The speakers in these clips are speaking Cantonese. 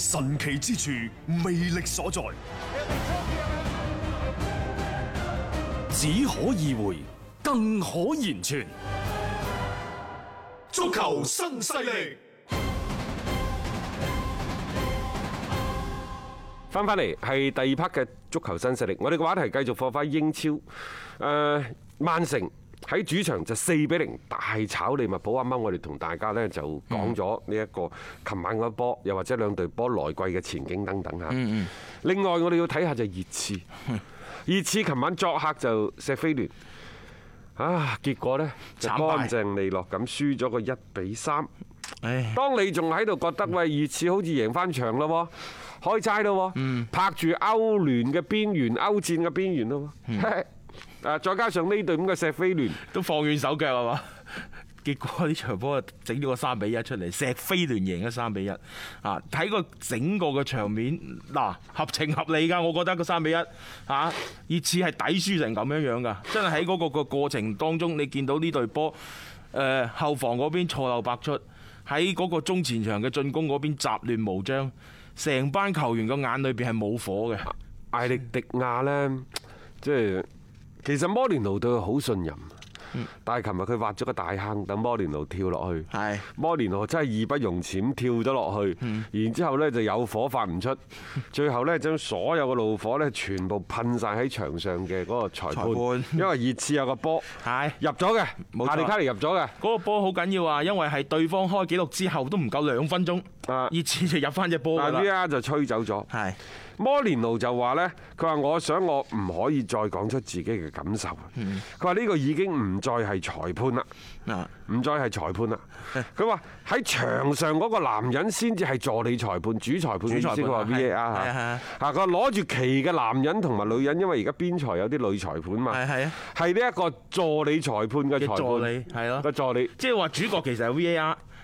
神奇之處，魅力所在，只可意會，更可言傳。足球新勢力，翻返嚟係第二 part 嘅足球新勢力。我哋嘅話題繼續放翻英超，誒、呃，曼城。喺主場就四比零大炒利物浦，啱啱我哋同大家呢就講咗呢一個琴晚嗰波，又或者兩隊波來季嘅前景等等嚇。另外我哋要睇下就熱刺，熱刺琴晚作客就錫菲聯，啊，結果呢就乾淨利落咁輸咗個一比三。唉，當你仲喺度覺得喂，熱刺好似贏翻場咯喎，開齋咯喎，拍住歐聯嘅邊緣、歐戰嘅邊緣咯喎。誒，再加上呢隊咁嘅石飛聯都放軟手腳係嘛，結果呢場波整咗個三比一出嚟，石飛聯贏咗三比一。啊，睇個整個嘅場面，嗱，合情合理噶，我覺得個三比一，熱刺係抵輸成咁樣樣噶，真係喺嗰個個過程當中，你見到呢隊波誒後防嗰邊錯漏百出，喺嗰個中前場嘅進攻嗰邊雜亂無章，成班球員個眼裏邊係冇火嘅。艾力迪亞呢，即係。其實摩連奴對佢好信任，但係琴日佢挖咗個大坑等摩連奴跳落去，是的 摩連奴真係義不容辭咁跳咗落去，然之後呢就有火發唔出，最後呢，將所有嘅怒火呢全部噴晒喺牆上嘅嗰個裁判，財犯 因為熱刺有個波，係入咗嘅，夏利卡尼入咗嘅，嗰、嗰個波好緊要啊，因為係對方開紀錄之後都唔夠兩分鐘，熱刺就入翻隻波，但呢家就吹走咗。摩連奴就話呢，佢話我想我唔可以再講出自己嘅感受。佢話呢個已經唔再係裁判啦，唔再係裁判啦。佢話喺場上嗰個男人先至係助理裁判，主裁判先話 VAR。佢話攞住旗嘅男人同埋女人，因為而家邊裁有啲女裁判嘛。係呢一個助理裁判嘅裁判，係助理，即係話主角其實係 VAR。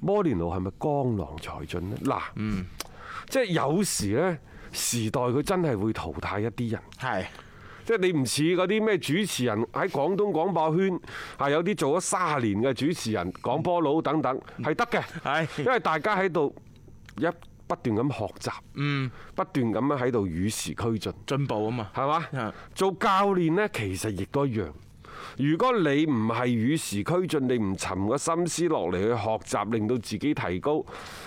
摩連奴係咪江郎才盡咧？嗱，嗯、即係有時呢時代佢真係會淘汰一啲人。係，即係你唔似嗰啲咩主持人喺廣東廣播圈，係有啲做咗卅年嘅主持人、廣播佬等等係得嘅。係，因為大家喺度一不斷咁學習，不斷咁樣喺度與時俱進，嗯、俱進，進步啊嘛吧。係嘛？做教練呢，其實亦都一樣。如果你唔係與時俱進，你唔沉個心思落嚟去學習，令到自己提高，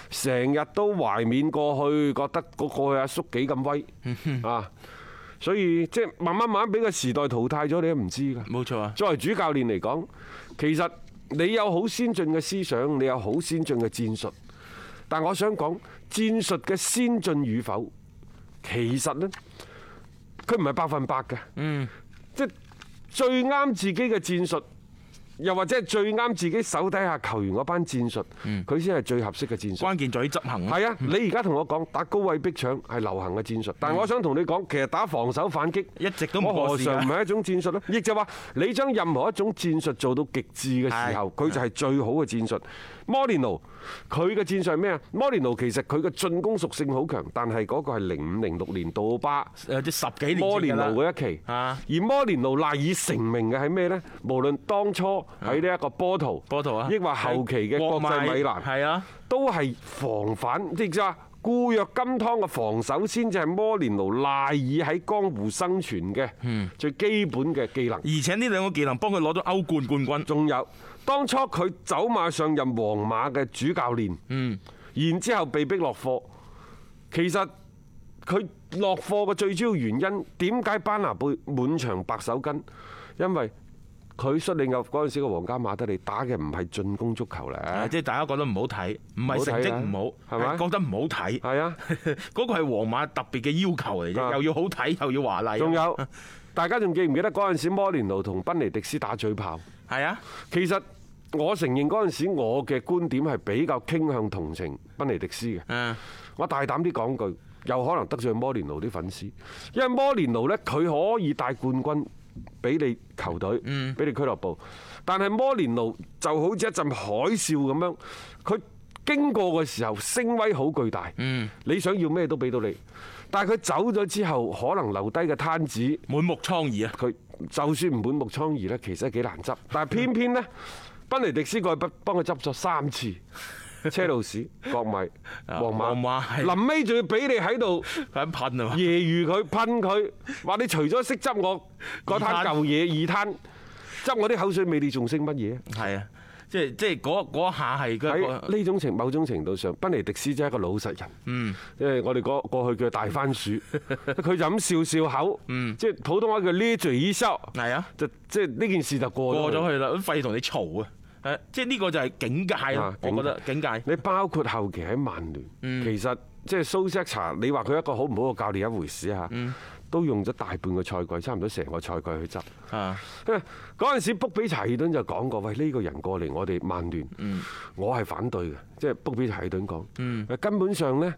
成日都懷緬過去，覺得個過去阿叔幾咁威啊！ 所以即係慢慢慢俾個時代淘汰咗，你都唔知噶。冇錯啊！作為主教練嚟講，其實你有好先進嘅思想，你有好先進嘅戰術，但我想講戰術嘅先進與否，其實呢，佢唔係百分百嘅。嗯。最啱自己嘅戰術，又或者係最啱自己手底下球員嗰班戰術，佢先係最合適嘅戰術。關鍵在於執行。係啊的，嗯、你而家同我講打高位逼搶係流行嘅戰術，但係我想同你講，其實打防守反擊一直都冇過時，我何嘗唔係一種戰術咧？亦就話，你將任何一種戰術做到極致嘅時候，佢的就係最好嘅戰術。摩連的、嗯、奴。佢嘅戰術係咩啊？摩連奴其實佢嘅進攻屬性好強，但係嗰個係零五零六年杜巴誒，即十幾年摩連奴嗰一期，是嗎 而摩連奴賴以成名嘅係咩咧？無論當初喺呢一個波圖，波圖啊，抑或後期嘅國際米蘭，係啊是嗎，都係防反啲咋。即固若金湯嘅防守先至係摩連奴賴以喺江湖生存嘅最基本嘅技能，而且呢兩個技能幫佢攞咗歐冠冠軍。仲有當初佢走馬上任皇馬嘅主教練，然之後被逼落課。其實佢落課嘅最主要原因，點解班拿貝滿場白手巾？因為佢率領嗰陣時嘅皇家馬德里打嘅唔係進攻足球咧，即係大家覺得唔好睇，唔係成績唔好，係覺得唔好睇。係啊，嗰個係皇馬特別嘅要求嚟，又要好睇又要華麗。仲有大家仲記唔記得嗰陣時摩連奴同賓尼迪斯打嘴炮？係啊，其實我承認嗰陣時我嘅觀點係比較傾向同情賓尼迪斯嘅。嗯，我大膽啲講句，有可能得罪摩連奴啲粉絲，因為摩連奴咧佢可以帶冠軍。俾你球隊，俾你俱樂部，嗯、但係摩連奴就好似一陣海嘯咁樣，佢經過嘅時候聲威好巨大，嗯、你想要咩都俾到你，但係佢走咗之後，可能留低嘅攤子滿目瘡痍啊！佢就算唔滿目瘡痍呢，其實幾難執，但係偏偏呢，賓、嗯、尼迪斯過去幫佢執咗三次。車路士、國米、皇馬，臨尾仲要俾你喺度咁噴啊！嘛？揶揄佢噴佢，話你除咗識執我嗰灘舊嘢二攤探，執我啲口水味，你仲識乜嘢？係啊，即係即係嗰嗰一下係。喺呢種程，某種程度上，賓尼迪斯真係一個老實人。嗯，即係我哋嗰過去叫大番薯，佢、嗯、就咁笑笑口。嗯、即係普通話叫咧嘴一笑。係啊，就即係呢件事就過過咗去啦，咁費事同你嘈啊！誒，即係呢個就係境界，警戒我覺得境界。警戒你包括後期喺曼聯，嗯、其實即係蘇斯察，你話佢一個好唔好嘅教練一回事啊。嗯都用咗大半個賽季，差唔多成個賽季去執。啊，因為嗰陣時卜比查爾頓就講過，喂，呢個人過嚟我哋曼聯，嗯、我係反對嘅，即係卜比查爾頓講。嗯、根本上呢，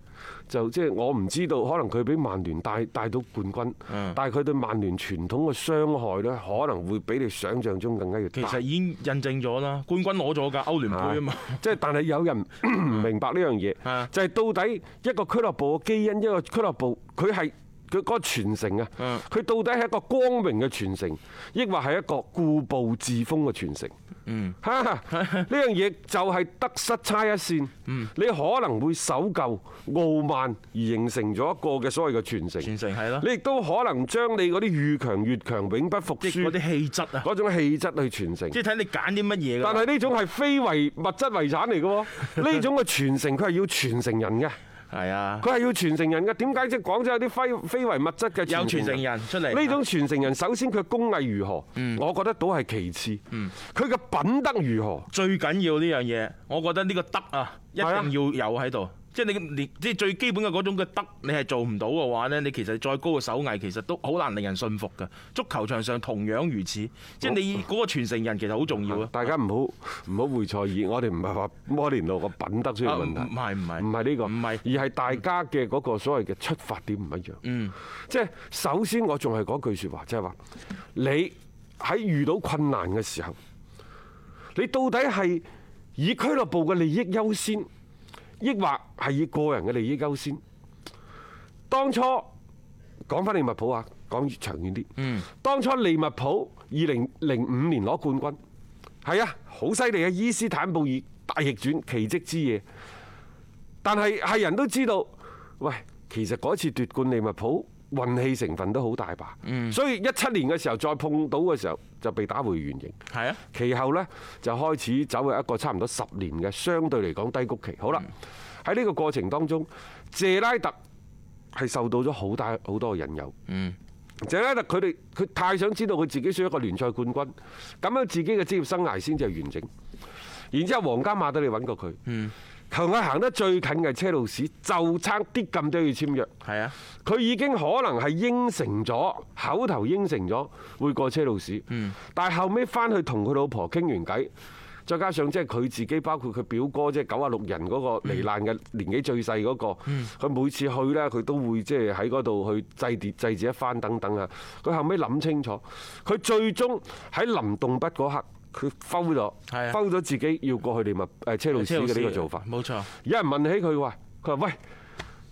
就即係我唔知道，可能佢俾曼聯帶帶到冠軍。是的 但係佢對曼聯傳統嘅傷害呢，可能會比你想象中更加要。其實已經印證咗啦，冠軍攞咗㗎，歐聯杯啊嘛。即係但係有人唔明白呢樣嘢，就係到底一個俱樂部嘅基因，一個俱樂部佢係。佢嗰個傳承啊，佢到底係一個光明嘅傳承，抑或係一個固步自封嘅傳承？嗯、啊，嚇呢樣嘢就係得失差一線。嗯、你可能會守舊傲慢而形成咗一個嘅所謂嘅傳承。傳承你亦都可能將你嗰啲遇強越強永不服輸嗰啲氣質啊，嗰種氣質去傳承。即係睇你揀啲乜嘢。但係呢種係非遺物質遺產嚟嘅喎，呢種嘅傳承佢係要傳承人嘅。係啊，佢係是要傳承人嘅，點解即係廣州有啲非非為物質嘅有傳承人出嚟？呢種傳承人首先佢工藝如何？嗯、我覺得都係其次，佢嘅、嗯、品德如何？最緊要呢樣嘢，我覺得呢、這個德啊一定要有喺度。即係你即係最基本嘅嗰種嘅德，你係做唔到嘅話咧，你其實再高嘅手藝，其實都好難令人信服㗎。足球場上同樣如此。我即係你嗰個傳承人其實好重要咯、啊。大家唔好唔好會錯意，啊、我哋唔係話摩連奴嘅品德出現問題，唔係唔係，唔係呢個，是而係大家嘅嗰個所謂嘅出發點唔一樣。嗯，即係首先我仲係講句説話，即係話你喺遇到困難嘅時候，你到底係以俱樂部嘅利益優先？抑或係以個人嘅利益優先。當初講翻利物浦啊，講長遠啲。嗯。當初利物浦二零零五年攞冠軍，係啊，好犀利啊！伊斯坦布爾大逆轉，奇蹟之夜。但係係人都知道，喂，其實嗰次奪冠利物浦，運氣成分都好大吧，嗯、所以一七年嘅時候再碰到嘅時候就被打回原形。係啊的，其後呢，就開始走入一個差唔多十年嘅相對嚟講低谷期。好啦，喺呢、嗯、個過程當中，謝拉特係受到咗好大好多嘅引誘。嗯，謝拉特佢哋佢太想知道佢自己需要一個聯賽冠軍，咁樣自己嘅職業生涯先至係完整。然之後皇家馬德里揾過佢。嗯。嗯同佢行得最近嘅車路士就差啲咁都要簽約，係啊，佢已經可能係應承咗，口頭應承咗會過車路士，嗯，但係後尾翻去同佢老婆傾完偈，再加上即係佢自己，包括佢表哥，即係九啊六人嗰、嗰個罹難嘅年紀最細嗰、嗰個，佢、嗯、每次去呢，佢都會即係喺嗰度去祭祀一番等等啊，佢後尾諗清楚，佢最終喺臨動筆嗰刻。佢踎咗，踎咗自己要過去利物浦誒車路士嘅呢個做法，冇錯。有人問起佢話，佢話喂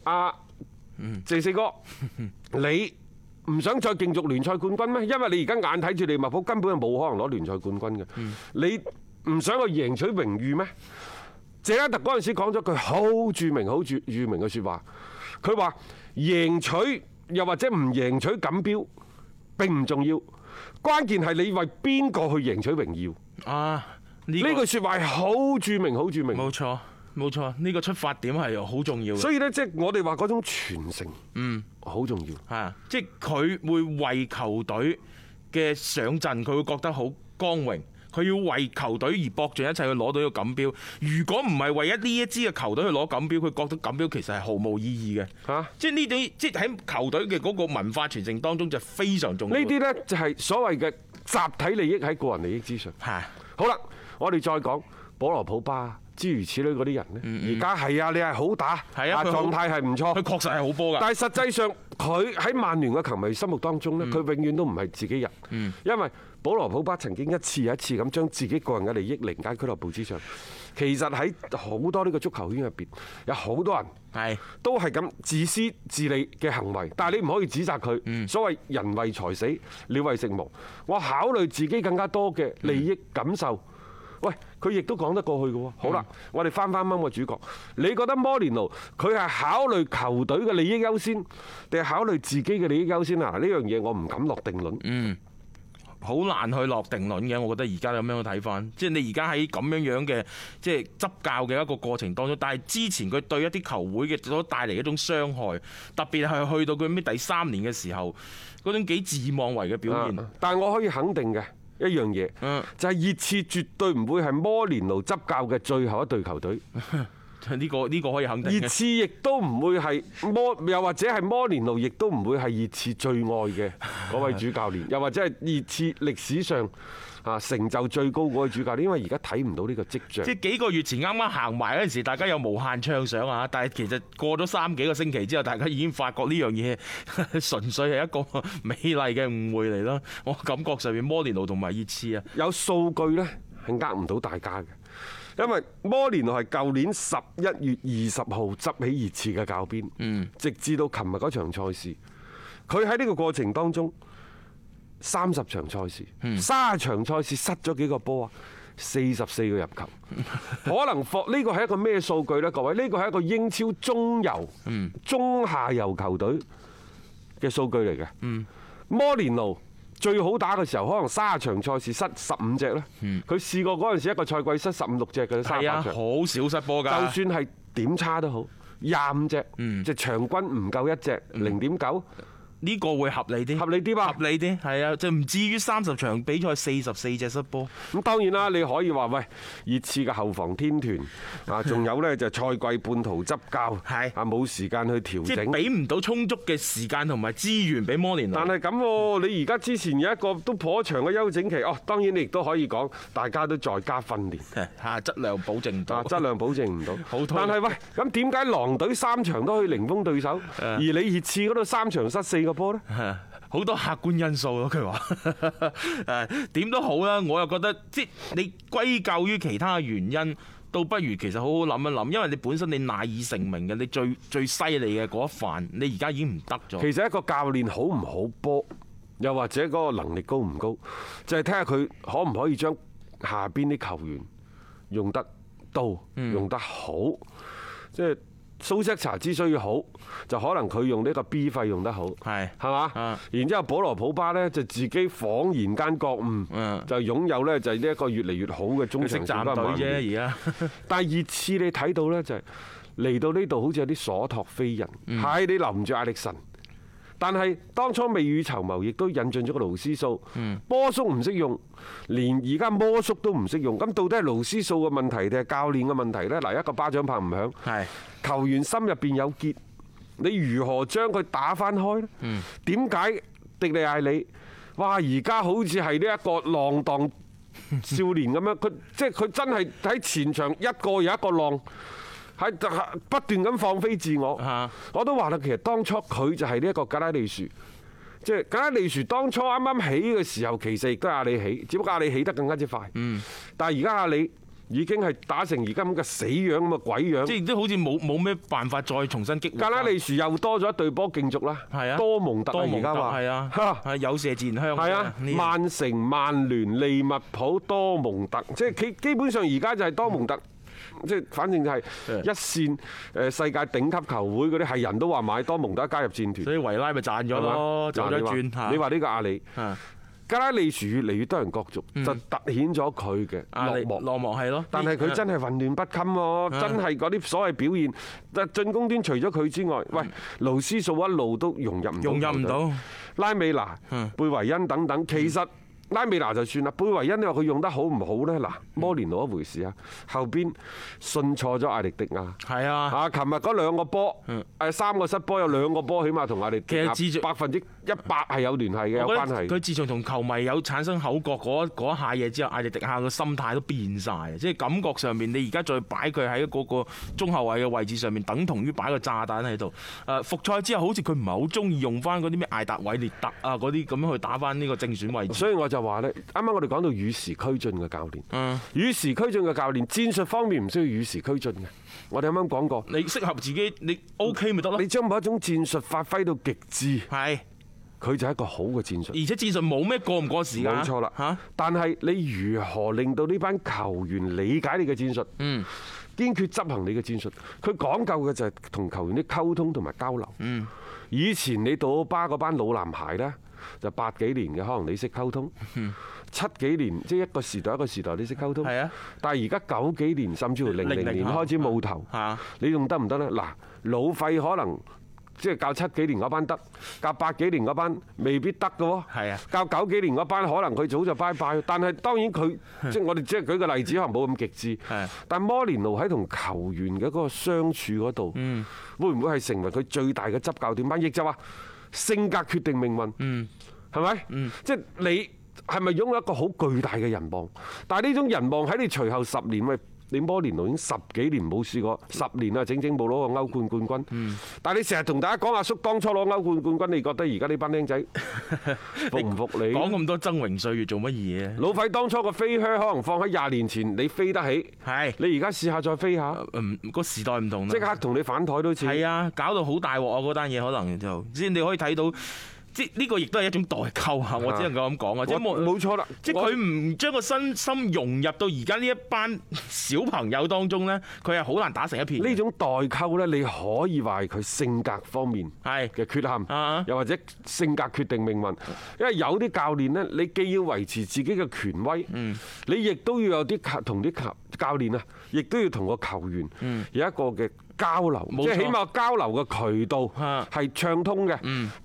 阿謝、啊、四哥，嗯、你唔想再競逐聯賽冠軍咩？因為你而家眼睇住利物浦根本係冇可能攞聯賽冠軍嘅，嗯、你唔想去贏取榮譽咩？謝拉特嗰陣時講咗句好著名、好著著名嘅説話，佢話贏取又或者唔贏取錦標並唔重要。關鍵係你為邊個去贏取榮耀啊？呢句說話好著名，好著名。冇錯，冇錯，呢個出發點係好重要。所以咧，即係我哋話嗰種傳承，嗯，好重要。係，即係佢會為球隊嘅上陣，佢會覺得好光榮。佢要為球隊而搏盡一切去攞到個錦標。如果唔係為一呢一支嘅球隊去攞錦標，佢覺得錦標其實係毫無意義嘅。嚇、啊！即係呢啲，即係喺球隊嘅嗰個文化傳承當中就非常重要。呢啲呢，就係所謂嘅集體利益喺個人利益之上。係、啊。好啦，我哋再講保羅普巴。諸如此類嗰啲人呢，而家係啊，你係好打，係啊、狀態係唔錯，佢確實係好波㗎。但係實際上，佢喺曼聯嘅球迷心目當中呢，佢、嗯、永遠都唔係自己人，嗯、因為保羅普巴曾經一次一次咁將自己個人嘅利益凌駕俱樂部之上。其實喺好多呢個足球圈入邊，有好多人係都係咁自私自利嘅行為，但係你唔可以指責佢。嗯、所謂人為財死，鳥為食亡。我考慮自己更加多嘅利益感受。嗯嗯喂，佢亦都講得過去嘅喎。好啦，嗯、我哋翻翻翻個主角，你覺得摩連奴佢係考慮球隊嘅利益優先，定係考慮自己嘅利益優先啊？呢樣嘢我唔敢落定論。嗯，好難去落定論嘅，我覺得而家有咩樣睇翻，即係你而家喺咁樣樣嘅即係執教嘅一個過程當中，但係之前佢對一啲球會嘅所帶嚟一種傷害，特別係去到佢咩第三年嘅時候，嗰種幾自妄為嘅表現。啊、但係我可以肯定嘅。一樣嘢，就係、係、熱刺絕對唔會係摩連奴執教嘅最後一隊球隊。 呢個呢個可以肯定嘅，熱刺亦都唔會係魔，又或者係摩連奴，亦都唔會係熱刺最愛嘅嗰位主教練， 又或者係熱刺歷史上啊成就最高嗰位主教練。因為而家睇唔到呢個跡象。即幾個月前啱啱行埋嗰陣時，大家有無限暢想啊！但係其實過咗三幾個星期之後，大家已經發覺呢樣嘢純粹係一個美麗嘅誤會嚟啦。我感覺上面，摩連奴同埋熱刺啊，有數據咧係呃唔到大家嘅。因為摩連奴係舊年十一月二十號執起熱刺嘅教鞭，嗯、直至到琴日嗰場賽事，佢喺呢個過程當中三十場賽事，三十場賽事失咗、嗯、幾個波啊，四十四個入球， 可能霍呢個係一個咩數據呢？各位呢個係一個英超中游、嗯、中下游球隊嘅數據嚟嘅，嗯、摩連奴。最好打嘅時候，可能卅場賽事失十五隻咧。佢試過嗰陣時，一個賽季失十五六隻嘅卅場，好少失波㗎。就算係點差都好，廿五隻，即係、嗯、場均唔夠一隻，零點九。呢個會合理啲，合理啲吧？合理啲，係啊，就唔至於三十場比賽四十四隻失波。咁當然啦，你可以話喂熱刺嘅後防天團啊，仲 有呢，就賽季半途執教，係啊冇時間去調整，即係俾唔到充足嘅時間同埋資源俾摩連奴，但係咁、啊，你而家之前有一個都頗長嘅休整期哦。當然你亦都可以講，大家都在家訓練，嚇 質量保證唔到、啊，質量保證唔到， 好拖推。但係喂，咁點解狼隊三場都可以零封對手， 而你熱刺嗰度三場失四？波好 多客觀因素囉，佢話，誒，點都好啦，我又覺得，即你歸咎於其他原因，倒不如其實好好諗一諗，因為你本身你賴以成名嘅，你最最犀利嘅嗰一份，你而家已經唔得咗。其實一個教練好唔好波，又或者嗰個能力高唔高，就係睇下佢可唔可以將下邊啲球員用得到，用得好，即係。蘇斯查之所以好，就可能佢用呢個 B 費用得好，係是 吧，係嘛，然之後保羅普巴呢，就自己恍然間覺悟，是 就擁有呢，就係呢一個越嚟越好嘅中場組合。隊現在 第二次你睇到呢、就是，就係嚟到呢度好似有啲所託非人，係 你留唔住艾力臣。但係當初未雨綢繆，亦都引進咗個勞斯數。波叔唔識用，連而家摩叔都唔識用。咁到底係勞斯數嘅問題定係教練嘅問題呢？嗱，一個巴掌拍唔響，球員心入邊有結，你如何將佢打翻開呢？點解迪利艾里？哇！而家好似係呢一個浪蕩少年咁樣，佢即係佢真係喺前場一個又一個浪。喺不斷咁放飛自我，的我都話啦，其實當初佢就係呢一個格拉利殊，即係格拉利殊當初啱啱起嘅時候，其實亦都係阿里起，只不過阿里起得更加之快。嗯、但係而家阿里已經係打成而家咁嘅死樣咁嘅鬼樣，即係都好似冇冇咩辦法再重新激活。格拉利殊又多咗一對波競逐啦，的多蒙特啊，而家話係啊，有麝自然香。係啊，曼城、曼聯、利物浦、多蒙特，即係佢基本上而家就係多蒙特。嗯即係反正就係一線，誒，世界頂級球會嗰啲係人都話買，多蒙德加入戰團，所以維拉咪賺咗咯，賺咗轉。你話你話呢個阿里，加拉利殊越嚟越多人角逐，就凸顯咗佢嘅落寞。落寞係咯，但係佢真係混亂不堪喎！真係嗰啲所謂表現，但係進攻端除咗佢之外，喂，勞斯數一路都融入唔到，拉美娜、貝維恩等等，其實。拉美娜就算啦，貝維恩你話佢用得好唔好咧？嗱，摩連奴一回事啊，後邊信錯咗艾力迪亞，係啊，啊，琴日嗰兩個波，誒是的 三個失波有兩個波，起碼同艾力迪亞百分之一百係有聯繫嘅，有關係。佢自從同球迷有產生口角嗰下嘢之後，艾力迪亞嘅心態都變曬，即係感覺上面你而家再擺佢喺嗰個中後衞嘅位置上面，等同於擺個炸彈喺度。誒復賽之後，好似佢唔係好中意用翻嗰啲咩艾達偉、偉列特啊嗰啲咁樣去打翻呢個正選位置，所以我就。話咧，啱啱我哋講到與時俱進嘅教練，與時俱進嘅教練，戰術方面唔需要與時俱進嘅。我哋啱啱講過，你適合自己，你 OK 咪得咯。你將某一種戰術發揮到極致，係佢就係一個好嘅戰術。而且戰術冇咩過唔過時㗎。冇錯啦。嚇！但係你如何令到呢班球員理解你嘅戰術？嗯，堅決執行你嘅戰術。佢講究嘅就係同球員啲溝通同埋交流。嗯，以前你到巴嗰班老男孩咧。就八幾年嘅，可能你識溝通；七幾年，即係一個時代一個時代，你識溝通。 係啊！但係而家九幾年，甚至乎零零年開始冇頭，你仲得唔得呢？嗱，老費、嗯、可能即係教七幾年嗰班得，教八幾年嗰班的未必得嘅喎。係啊！教九幾年嗰班，可能佢早就拜拜。但係當然佢即係我哋只係舉個例子，可能冇咁極致。但摩連奴喺同球員嘅嗰個相處嗰度，會唔會係成為佢最大嘅執教點班益襲啊？性格決定命運，係咪？即係你係咪擁有一個好巨大嘅人望？但係呢種人望喺你隨後十年摩連奴已經十幾年冇試過，十年啊整整冇攞過歐冠冠軍。嗯、但係你成日同大家講，阿叔，叔當初攞歐冠冠軍，你覺得而家呢班僆仔服唔服你？講咁多崢嶸歲月做乜嘢？老費當初個飛靴可能放喺廿年前，你飛得起。係是。你而家試下再飛下。嗯，個時代唔同。即刻同你反台都似。係啊，搞到好大鑊啊！嗰單嘢可能就先，你可以睇到。即呢個亦都係一種代溝嚇的，我只能夠咁講啊！冇，冇錯啦！即佢唔將個身心融入到而家呢一班小朋友當中呢，佢係好難打成一片。呢種代溝呢，你可以話係佢性格方面嘅缺陷，又或者性格決定命運。因為有啲教練呢，你既要維持自己嘅權威，嗯、你亦都要有啲同啲教練啊，亦都要同個球員，有一個嘅。交流，即係起碼交流嘅渠道係暢通嘅，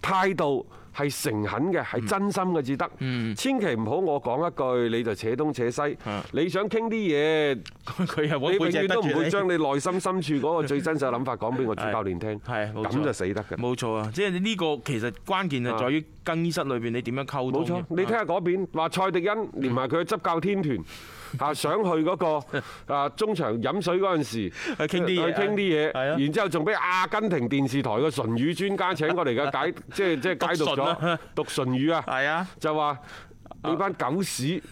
態度係誠懇嘅，係真心嘅至得。千祈唔好我講一句，你就扯東扯西。你想傾啲嘢，佢又冇背脊得住你。你永遠都唔會將你內心深處嗰個最真實嘅諗法講俾我主教練聽，係啊，咁就死得嘅。冇錯啊，即係呢個其實關鍵係在於更衣室裏邊你點樣溝通。冇錯，你睇下嗰邊話蔡迪恩連埋佢執教天團。嚇！想去嗰個啊中場飲水嗰陣時，去傾啲嘢，去傾啲嘢。對然之後仲俾阿根廷電視台嘅唇語專家請過嚟嘅解，即係 解,、即係、解讀咗讀,唇、啊、讀唇語啊！啊！是的 就話。你班狗屎，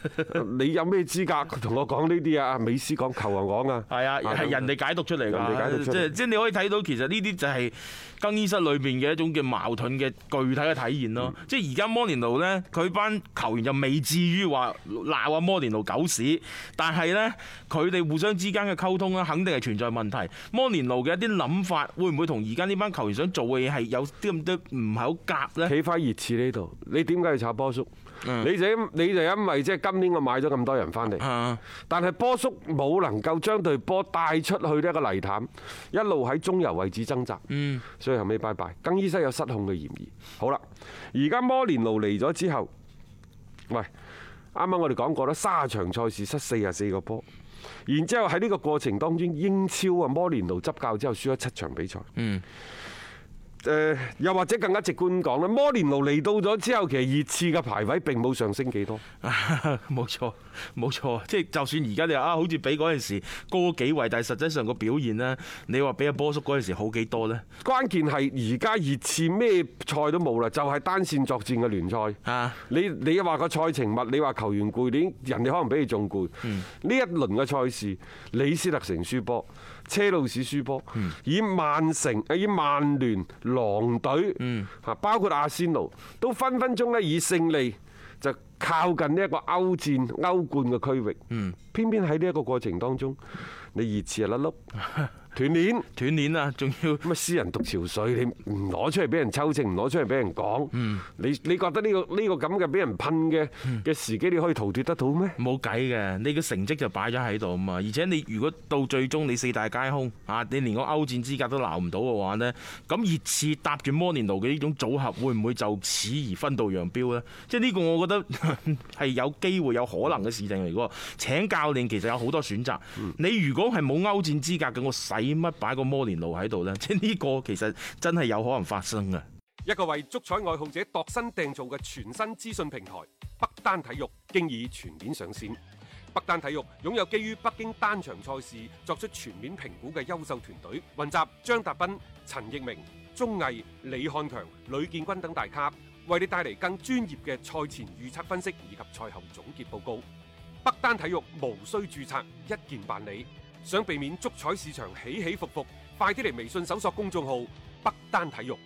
你有咩資格同我講呢啲啊？美斯講，球王講啊？係啊，係人哋解讀出嚟噶，即係即係你可以睇到，其實呢啲就係更衣室裏邊嘅一種叫矛盾嘅具體嘅體現咯、嗯。即係而家摩連奴咧，佢班球員就未至於話鬧啊摩連奴狗屎，但係咧佢哋互相之間嘅溝通咧，肯定係存在問題。摩連奴嘅一啲諗法會唔會同而家呢班球員想做嘅嘢係有啲咁多唔係好夾咧？呢起翻熱刺呢度，你點解要炒波叔？你就你就因為即係今年我買咗咁多人翻嚟，但係波叔冇能夠將隊波帶出去呢一個泥潭，一路喺中游位置掙扎，所以後尾拜拜。更衣室有失控嘅嫌疑。好啦，而家摩連奴嚟咗之後，喂，啱啱我哋講過啦，卅場賽事失四十四個波，然之後喺呢個過程當中，英超啊摩連奴執教之後輸咗七場比賽。嗯。誒、呃，又或者更加直觀講咧，摩連奴嚟到咗之後，其實熱刺嘅排位並冇上升幾多。冇錯，冇錯，即係就算而家你啊，好似比嗰陣時高幾位，但係實際上個表現呢，你話比阿波叔嗰陣時好幾多呢？關鍵係而家熱刺咩賽都冇啦，就係、是、單線作戰嘅聯賽。啊，你你話個賽程密，你話球員攰，點人哋可能比你仲攰。呢一輪嘅賽事，李斯特城輸波。車路士輸波，以曼城、以曼聯、狼隊吓，包括阿仙奴，都分分鐘咧以勝利就靠近呢一個歐戰、歐冠嘅區域。偏偏喺呢一個過程當中，你熱刺又甩轆。 斷鏈斷鏈啊！仲要咩私人讀潮水，你唔攞出嚟俾人抽清，唔攞出嚟俾人講，你、嗯、你覺得呢、呢個呢、呢個咁嘅俾人噴嘅嘅時機，你可以逃脫得到咩？冇計嘅，你嘅成績就擺咗喺度啊嘛！而且你如果到最終你四大皆空啊，你連個歐戰資格都攬唔到嘅話呢，咁熱刺搭住摩連奴嘅呢種組合，會唔會就此而分道揚鑣呢？即係呢個我覺得係有機會有可能嘅事情嚟噶。請教練其實有好多選擇，你如果係冇歐戰資格嘅，我細。點乜擺個摩連奴喺度呢？即係呢個其實真係有可能發生啊！一個為足彩愛好者度身訂造嘅全新資訊平台北單體育，經已全面上線。北單體育擁有基於北京單場賽事作出全面評估嘅優秀團隊，雲集張達斌、陳奕明、鍾毅、李漢強、呂建軍等大咖，為你帶嚟更專業嘅賽前預測分析以及賽後總結報告。北單體育無需注冊，一鍵辦理。想避免足彩市場起起伏伏，快啲嚟微信搜索公眾號北單體育。